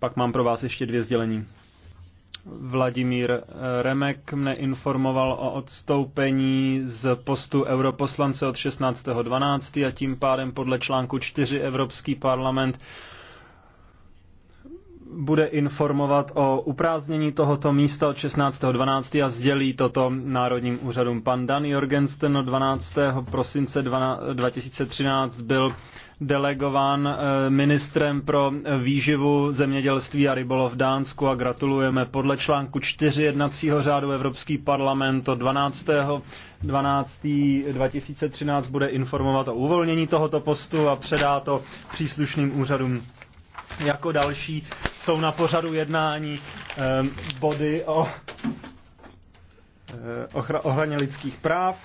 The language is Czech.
Pak mám pro vás ještě dvě sdělení. Vladimír eh, Remek mne informoval o odstoupení z postu europoslance od 16.12. a tím pádem podle článku 4 Evropský parlament bude informovat o uprázdnění tohoto místa od 16.12. a sdělí toto národním úřadům. Pan Dan Jorgensten 12. prosince 2013 byl delegován eh, ministrem pro výživu, zemědělství a rybolov v Dánsku a gratulujeme podle článku 4 jednacího řádu Evropský parlament od 12. 12. 2013 bude informovat o uvolnění tohoto postu a předá to příslušným úřadům jako další jsou na pořadu jednání ehm, body o eh, ochraně lidských práv.